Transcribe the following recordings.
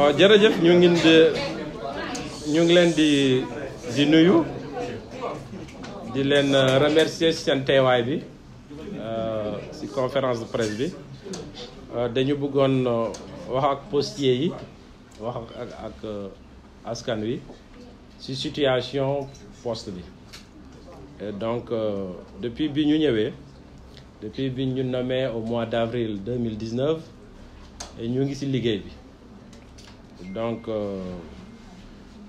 waaw euh, jërëjëf ñu ngi de ñu ngi leen di di nuyu di leen euh, remercier ci seen teewaay bi euh, ci conférence de presse bi dañu bëggoon wax ak postier yi wax ak ak askan wi ci situation poste bi et donc depuis bi ñu ñëwee depuis bi ñu nommé au mois d'avril 2019 et ñu ngi ci liggéey bi donc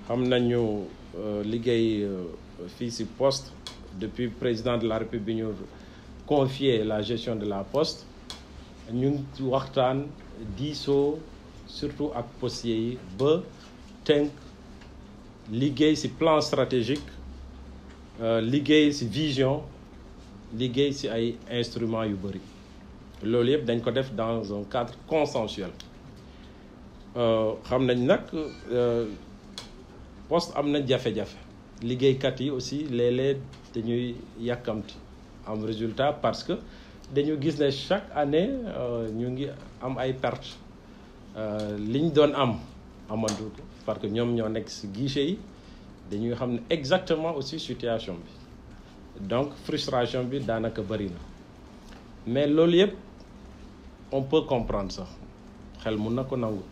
xam euh, nañu euh, liggéey euh, fii ci poste depuis président de la république nous ñu confier la gestion de la poste ñu ngi waxtaan diisoo surtout ak postier, yi ba tënk liggéey ci plan stratégique liggéey ci vision liggéey ci ay instruments yu loolu dañ dans un cadre consensuel euh, xam nañ nag euh, poste am na jafe-jafe liggéeykat yi aussi léeg-léeg dañuy yàkkamti am résultat parce que dañu gis ne chaque année euh, ñu ngi am ay pertes liñ doon am amandu ko parce que ñoom ñoo nekk ci guichet yi dañuy xam ne exactement aussi situation bi donc frustration bi daanaka bëri na mais loolu yëpp on peut comprendre sax xel mun na ko nangu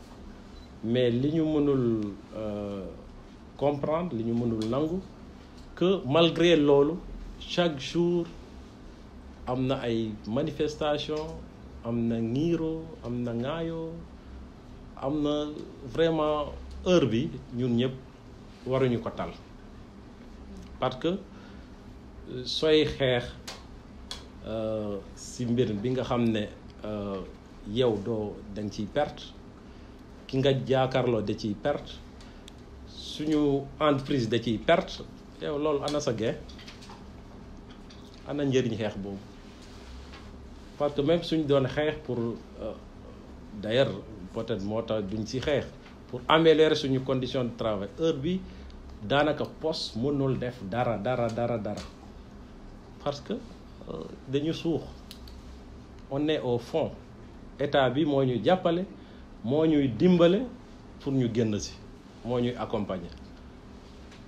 mais li ñu mënul euh, comprendre li ñu mënul nangu que malgré loolu chaque jour am na ay manifestation am na amna am na am na vraiment heure bi ñun ñëpp waruñu ko tal parce que euh, sooy xeex euh, si mbir bi nga xam ne yow doo danga ciy perte ki nga jaakaarloo da ciy perte suñu entreprise da ciy perte yow loolu ana sa gain ana njëriñ xeex boobu parce que même suñ doon xeex pour euh, d'ailleurs peut-être moo tax duñ si xeex pour améliorer suñu condition de travail heure bi daanaka poste mënul def dara dara dara dara parce que euh, dañu suux on est au fond état bi moo ñu jàppale moo ñuy dimbale pour ñu génn si moo ñuy accompagner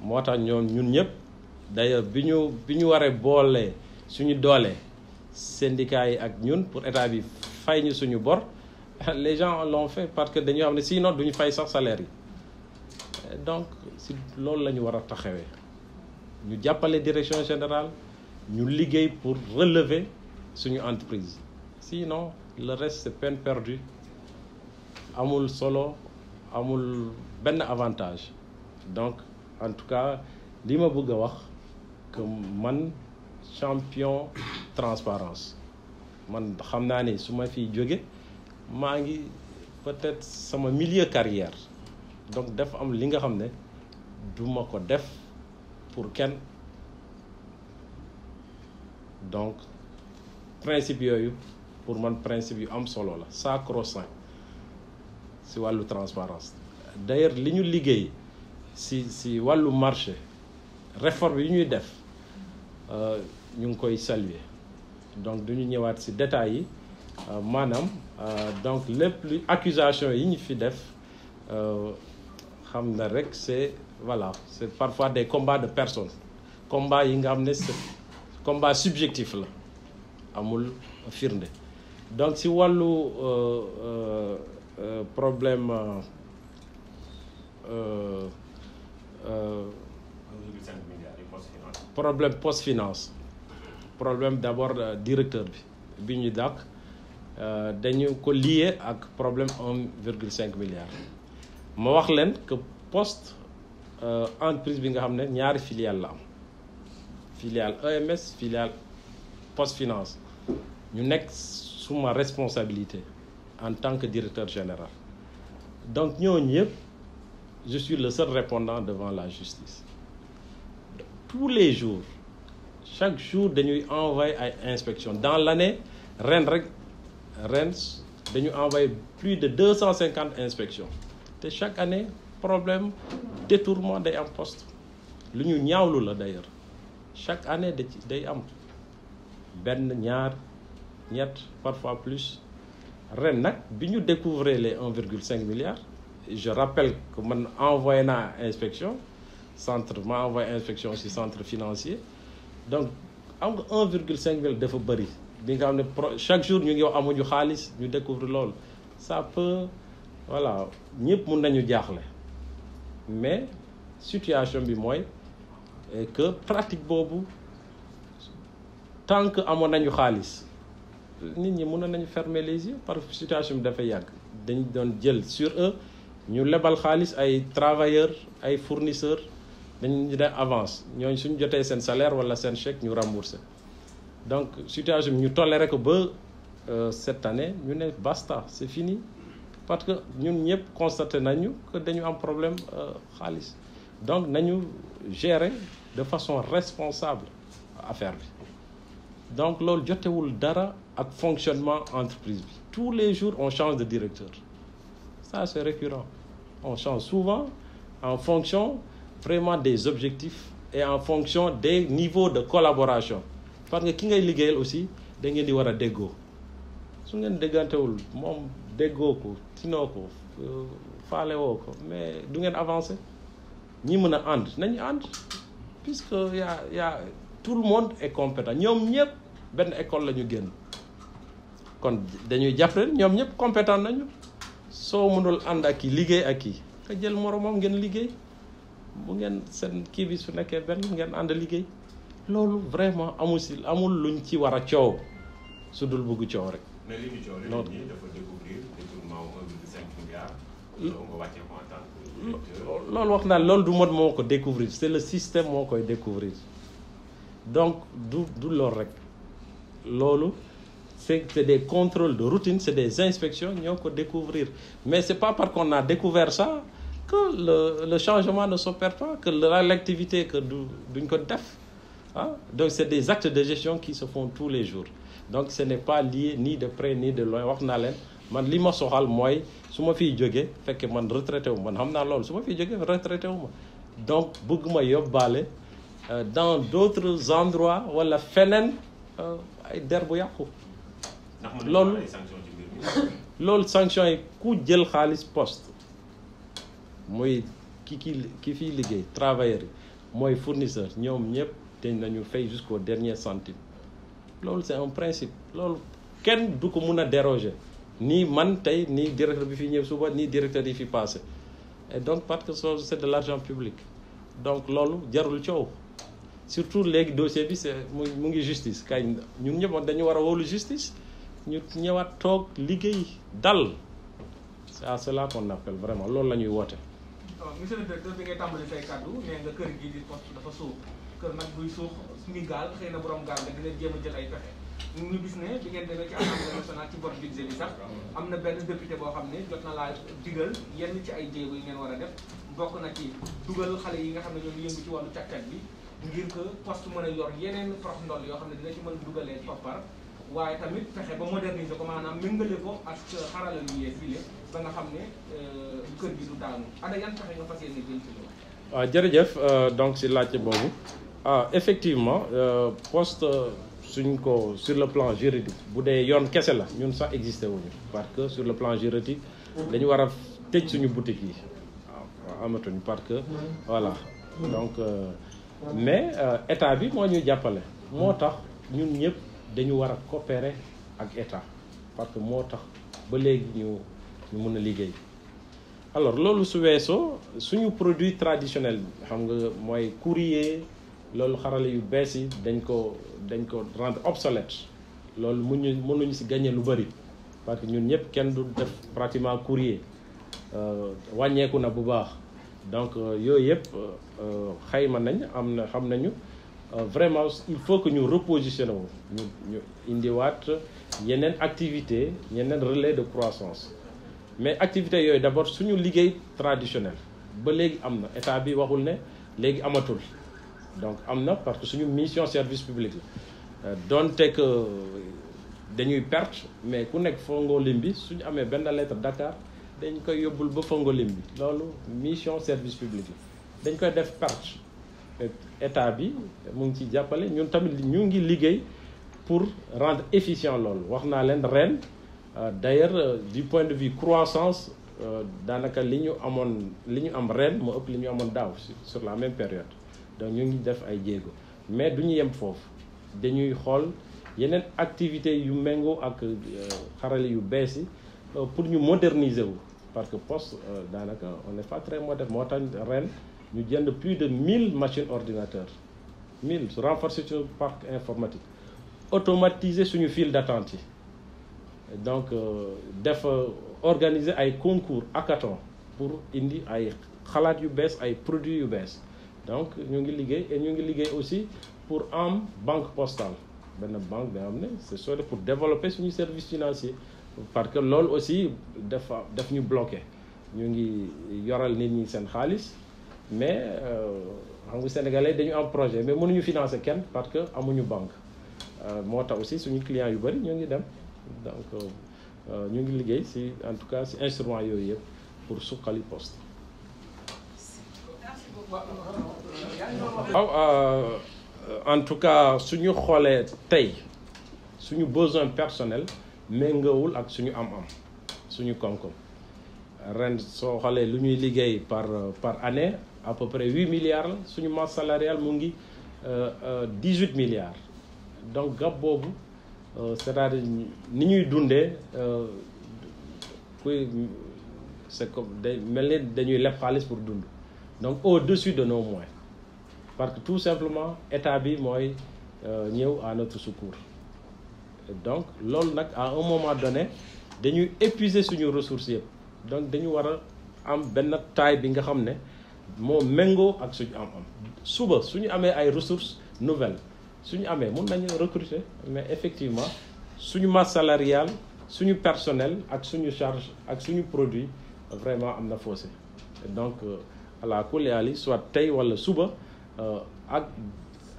moo tax ñoom ñun ñëpp d'ailleurs bi ñu bi ñu waree boolee suñu doolee Syndicat yi ak ñun pour état bi fay ñu suñu bor les gens l'ont fait parce que dañu xam ne sinon duñu fay sax salaire yi donc si loolu la ñu war a taxawee ñu jàppale direction générale ñu liggéey pour relever suñu entreprise sinon le reste c'est peine perdue amul solo amul ben avantage donc en tout cas li ma bëgg wax que man champion transparence man xam naa ne su ma peut-être sama milieu carrière donc def am li nga xam ne du def pour kenn donc principe yooyu pour man principe yu solo la sacro si walu transparence d'ailleurs li ñu liggéey si si wàllu marché réforme yi ñuy def euh, ñu ngi koy saluer donc du ñu ñëwaat si détails yi euh, maanaam euh, donc lépp lu accusation yi ñu fi def xam na rek c'est voilà c'est parfois des combats de personnes combat yi nga xam ne combat subjectif la amul firnde donc si wàllu euh, problème euh, euh, problème post finance problème d'abord directeur bi bi qui lié ak problème 1,5 milliard je wax que que poste entreprise bi nga filiale filiale EMS filiale post finance ñu sous ma responsabilité en tant que directeur général. Donc, nous, je suis le seul répondant devant la justice. Tous les jours, chaque jour, nous envoyons à inspection. Dans l'année, Rennes, Rennes, nous envoyons plus de 250 inspections. Et chaque année, problème, détournement des impostes. Nous avons d'ailleurs. Chaque année, nous avons. Ben, ñaar, parfois plus ren nous découvrons découvrir les 1,5 milliard je rappelle que man envoyé na inspection centre ma envoyé inspection aussi centre financier donc am 1,5 milliard dafa bari bi nga chaque jour nous ngi wax amuñu xaliss ñu découvrir lool ça peut voilà Nous mun nañu là. mais situation bi est euh, que pratique tant que amoon nañu xaliss nit ñi mënoon fermer les yeux parce que situation bi dafa yàgg dañ doon jël sur eux ñu lebal xaalis ay travailleurs ay fournisseurs dañ ñu def avance ñooñu suñu jotee seen salaire wala seen chèque ñu remboursé donc situation ñu toléré ko ba euh, cette année ñu ne basta c'est fini parce que ñun ñëpp constaté nañu que dañu am problème euh, xaalis donc nañu gérer de façon responsable affaire donc loolu jotewul dara ak fonctionnement entreprise bi tous les jours on change de directeur ça c'est récurrent on change souvent en fonction vraiment des objectifs et en fonction des niveaux de collaboration parce que qui est illégal aussi da ngeen di war a déggoo su ngeen déggantewul moom déggoo ko tinoo ko euh, faale mais du ngeen avancer ñi mon and, ni and. puisque y a y a tout le monde est compétent ñoom ñëpp benn école la ñu génn kon dañuy jàpp leen ñoom ñëpp compétent nañu soo mënul ànd ak kii liggéey ak kii nga jël moromam ngeen liggéey bu ngeen seen kii bi su nekkee benn ngeen ànd liggéey loolu vraiment amul si amul luñ ci war a coow su dul bëgg coow rek. mais li ñu coow rek ñi dafa découvrir détournement 1,5 milliard. loolu wax naa loolu du mot moo ko découvrir c'est le système moo koy découvrir donc du du loolu rek c'est des contrôles de routine c'est des inspections qu'on ko découvrir mais c'est pas parce qu'on a découvert ça que le changement ne s'opère pas que l'activité que du duñ ko ah. donc c'est des actes de gestion qui se font tous les jours donc ce n'est pas lié ni de près ni de loin wax na man li ma soxal man retraité man retraité wu donc euh, dans d'autres endroits la euh, ay der bu yàqu loolu loolu sanction yi ku jël xaalis poste muy ki ki ki fiy liggéey travailleur yi mooy fournisseur ñoom ñëpp dañ nañu fay jusqu'au dernier centime loolu c'est un principe loolu kenn du ko mun a déroger ni man tey ni directeur bi fi ñëw suba ni directeur yi fi passé et donc parce que c'est de l'argent public donc loolu jarul coow surtout léegi dossier bi c'est mu ngi justice kañ ñun ñëpp dañu war a wóolu justice ñu ñëwaat toog liggéey dal c'est à cela qu'on appelle vraiment loolu la ñuy woote. monsieur le directeur bi ngay tàmbali say kàddu nee kër gi di poste dafa suuf kër nag buy su ngi gaal xëy ne borom gaal da ngeen jéem a jël ay pexe. ñu gis ne bi ngeen demee ci assemblée nationale ci bor budget bi sax am na benn député boo xam ne jot na laa digal yenn ci ay jéego yi ngeen war def bokk na ci dugal xale yi nga xam ne ñoom yëngu ci wàllu càkkat bi ngir que poste mën a yor yeneen prof ndol yoo xam ne dina ci mën dugalee koppar waaye tamit fexe ba moderniser ko maanaam méngale ko ak xarala yu yees yi ba nga xam ne euh, kër gi du daanu ana yan fexe nga fas yéene jël ci loolu. waaw ah, jërëjëf euh, donc si laajte boobu ah effectivement euh, poste suñ ko sur le plan juridique bu dee yoon kese la ñun sax existé wuñu parce que sur le plan juridique dañu war a tëj suñu boutique yi waaw ah, amatuñu parce que voilà mm-hmm. donc. Euh, mais euh, état bi moo ñu jàppale. moo tax ñun ñëpp dañu war a coopérer ak état parce que moo tax ba léegi ñu ñu mën a liggéey alors loolu su weesoo suñu produit traditionnel xam nga mooy courrier loolu xarale yu bees yi dañ ko dañ ko rendre obsolète loolu mu ñu mënuñu si gagné lu bëri parce que ñun ñëpp kenn du def pratiquement courrier euh, wàññeeku na bu baax donc euh, yooyu yëpp euh, euh, xayma nañ am na xam nañu vraiment il faut que ñu repositionné wu ñu ñu indiwaat yeneen activité yeneen relais de croissance mais activité yooyu d'abord suñu liggéey traditionnel ba léegi am na état bi waxul ne léegi amatul donc am na parce que suñu mission service public la donte que dañuy perte mais ku nekk fongo lim bi suñu amee benn lettre Dakar dañ koy yóbbul ba Fongolim bi loolu mission service public la dañ koy def parche état bi mu ngi ciy jàppale ñun tamit ñu ngi liggéey pour rendre efficient loolu wax naa leen ren euh, d'ailleurs euh, du point de vue croissance euh, daanaka li ñu amoon li ñu am ren moo ëpp li ñu amoon daaw sur la même période donc ñu ngi def ay jéego mais du ñu yem foofu dañuy xool yeneen activité yu méngoo ak xarale yu bees yi pour ñu moderniser wu parce que poste euh, danaka on n'est pas très modeste moo tax nous ñu jënd plus de 1000 machines ordinateurs 1000 renforcer le parc informatique automatiser suñu file d'attente donc euh, def euh, organiser ay concours hackathon pour indi ay xalaat yu bees ay produits yu donc ñu ngi liggéey et ñu ngi liggéey aussi pour am banque postale benn banque bi xam c'est pour développer suñu service financier parce que loolu aussi dafa daf ñu bloqué ñu ngi yoral nit ñi seen xaalis mais euh, xam nga sénégalais dañu am projet mais mënuñu financer kenn parce que amuñu banque euh, moo tax aussi suñu client yu bëri ñoo ngi dem donc euh, ñu ngi liggéey si en tout cas si instrument yooyu yëpp pour suqali poste. waaw oh, en tout cas suñu xoolee tey suñu besoin personnel méngoowul ak suñu am-am suñu koom-koom ren soo par par année à peu près 8 milliards de suñu masse salariale euh, euh, dix huit milliards donc gab boobu euh, c'est-à-dire ni day dañuy donc au-dessus de nos moyens parce que tout simplement état bi à notre secours donc loolu nag à un moment donné dañuy épuiser suñu ressources yëpp donc dañu war a am benn taille bi nga xam ne moo méngoo ak suñu am-am suba suñu amee ay ressources nouvelles suñu amee mun nañu recruter mais effectivement suñu masse salariale suñu personnel ak suñu charge ak suñu produit vraiment am na fossé donc euh, à la kuleali soit tey wala suba euh, ak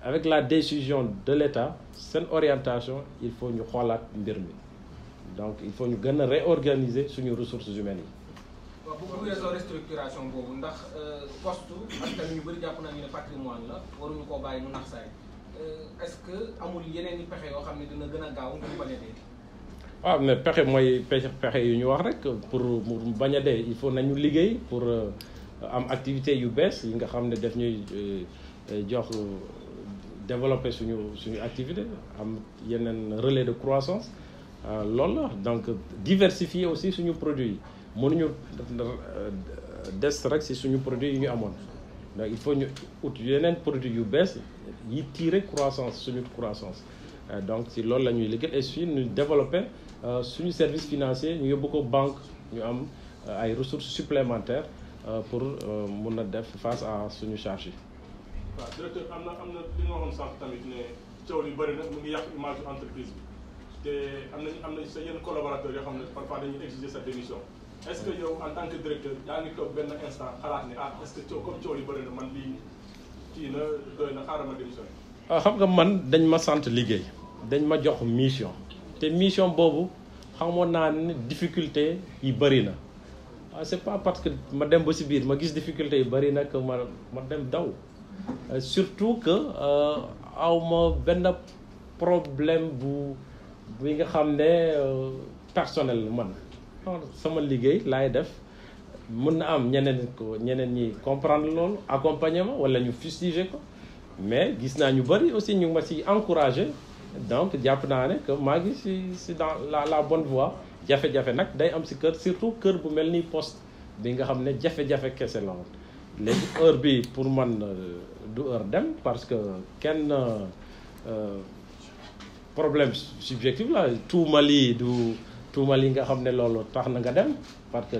avec la décision de l'État cette orientation il faut ñu xoolaat mbir mi donc il faut ñu gën a réorganiser suñu ressources humaines yi. waaw bu bu weesoo restructuration boobu ndax euh, poste askan ñu bëri jàpp nañu ne patrimoine la waruñu koo bàyyi mu nax saay euh, est-ce que amul yeneen i pexe yoo xam ne dina gën a gaaw pour bañ a dee. mais pexe mooy pexe pexe yu ñu wax rek pour mu bañ a il faut nañu liggéey pour euh, am activité yu bees yi nga xam ne ñuy jox développer suñu suñu activité am un relais de croissance euh, donc diversifier aussi suñu produit yi mënuñu euh, des rek si suñu produit yi il faut ñu ut produit yu bees yi tirer croissance suñu croissance euh, donc si loolu la ñuy liggéey et si ñu développer suñu service financier ñu yóbbu ko banque ñu am ay ressources supplémentaires pour faire def face à suñu charge yi waaw directeur am na am na li nga waxoon sànq tamit ne coow li bëri na mu ngi yàq image entreprise bi te am nañ am nañ sa yenn collaborateurs yoo xam ne parfois dañuy exiger sa démission est ce que yow en tant ngi toog benn instant xalaat ne ah est ce que coow comme coow li bëri na man lii kii na na xaaral ma démission waaw ah, xam nga man dañ ma sant liggéey dañ ma jox mission te mission boobu xamoon naa ne difficulté yi bëri na ah c'est pas parce que ma dem ba si biir ma gis difficulté yi bëri na que ma ma dem daw Euh, surtout que euh, awma benn problème bu bi nga xam ne euh, personnel man sama liggéey laay def mën na am ñeneen ko ñeneen ñi comprendre loolu accompagner ma wala ñu fustiger ko mais gis naa ñu bëri aussi ñu ma si encouragé donc jàpp naa ne que maa ngi si si dans la la bonne voie jafe-jafe nag day am si kër surtout kër bu mel ni poste bi nga xam ne jafe-jafe kese la woon léegi heure bi pour man euh, du heure dem parce que kenn euh, euh, problème subjectif la tout Mali du tuumal yi nga xam ne loolu tax na nga dem parce que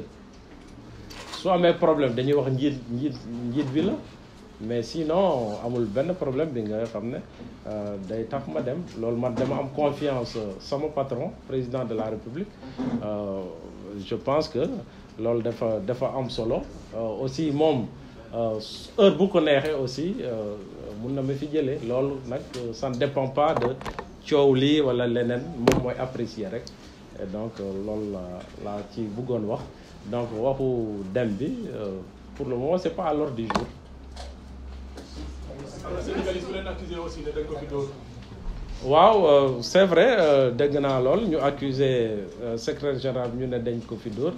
soit amee problème dañuy wax njiit njiit njiit bi la mais sinon amul benn problème bi nga xam ne day tax ma dem loolu man dama am confiance sama patron président de la république je pense que loolu dafa dafa am solo aussi moom euh, heure bu ko neexee aussi euh, mun na ma fi jëlee loolu nag euh, ça ne dépend pas de coow lii wala leneen moom mooy apprécier rek donc loolu la la, ci bëggoon wax donc waxu dem bi pour le moment c'est pas à l'ordre du jour. waaw c'est vrai dégg naa lool ñu accuser secrétaire général ñu ne dañ ko fi dóor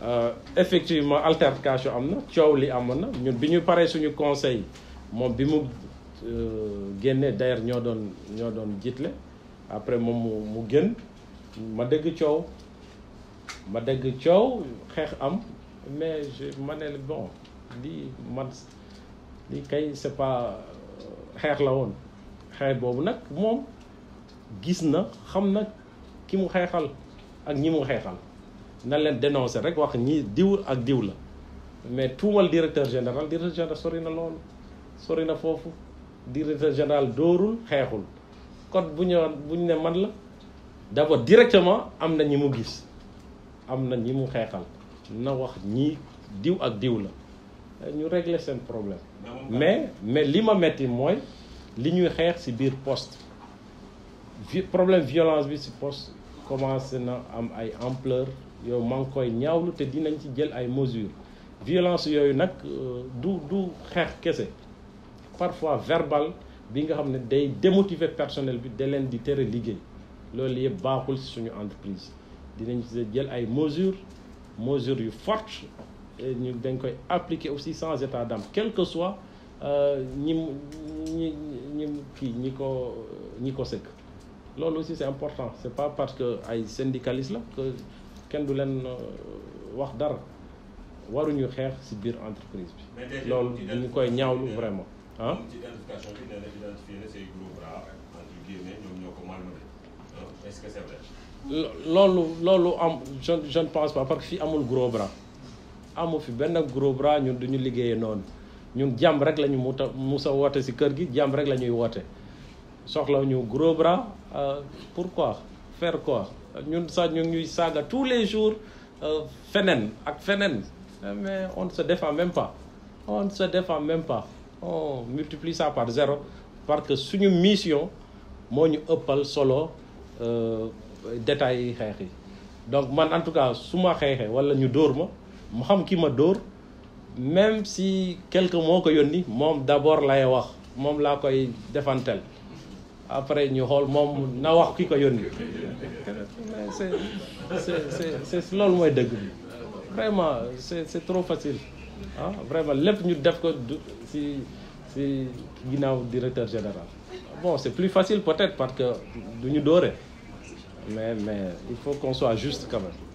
euh, effectivement altercation am na coow li amoon na ñun bi ñu paree suñu conseil moom bi mu euh, génnee d'ailleurs ñoo doon ñoo doon jiitle après moom mu mu génn ma dégg coow ma dégg coow xeex am mais je ma ne bon lii man lii kay c'est pas euh, xeex la woon xeex boobu nag moom gis na xam na ki mu xeexal ak ñi mu xeexal nan leen dénoncé rek wax diw ak diw la mais tuumal directeur général directeur général sori na directeur général ne man la d'abord directement am na ñi mu am na ñi mu na wax diw ak problème mais mais li ma metti li ñuy poste problème violence bi ci poste commencé na am ay ampleur yow maa ngi koy ñaawlu te dinañ ci jël ay mesures violence yooyu nag euh, du du xeex kese parfois verbal bi nga xam ne day démotiver personnel bi de leen di tere liggéey loolu yëpp baaxul ci suñu entreprise dinañ ci jël ay mesures mesures yu fortes ñu dañ koy appliquer aussi sans état d'âme quel que soit euh, ñi ñi ñi kii ñi ko ñi ko sëkk loolu aussi c'est important c'est pas parce que ay syndicaliste la que kenn du leen euh, wax dara waruñu xeex ci biir entreprise bi. loolu ñu koy ñaawlu vraiment. ah ci identification bi nee na identifié na say gros bras entre guillemets ñoom ñoo ko malmené est-ce que c'est vrai. loolu loolu am je je ne pense pas parce que fii amul gros bras amu fi benn gros bras ñun duñu liggéeyee noonu ñun jàmm rek la ñu mut a woote ci kër gi jàmm rek la ñuy woote soxla ñu gros bras euh, pourquoi faire quoi nous sommes ñu tous les jours euh, mais on ne se défend même pas on ne se défend même pas on multiplie ça par zéro parce que suñu mission ñu solo euh, donc en tout cas su ma wala ñu xam ki même si quelques moo ko yónni moom d'abord lay wax moom laa koy après ñu xool moom na wax ki ko c'est c'est c'est loolu mooy dëgg bi vraiment c'est c'est trop facile ah vraiment lépp ñu def ko si si ginnaaw directeur général bon c'est plus facile peut-être parce que du ñu mais mais il faut qu'on soit juste quand même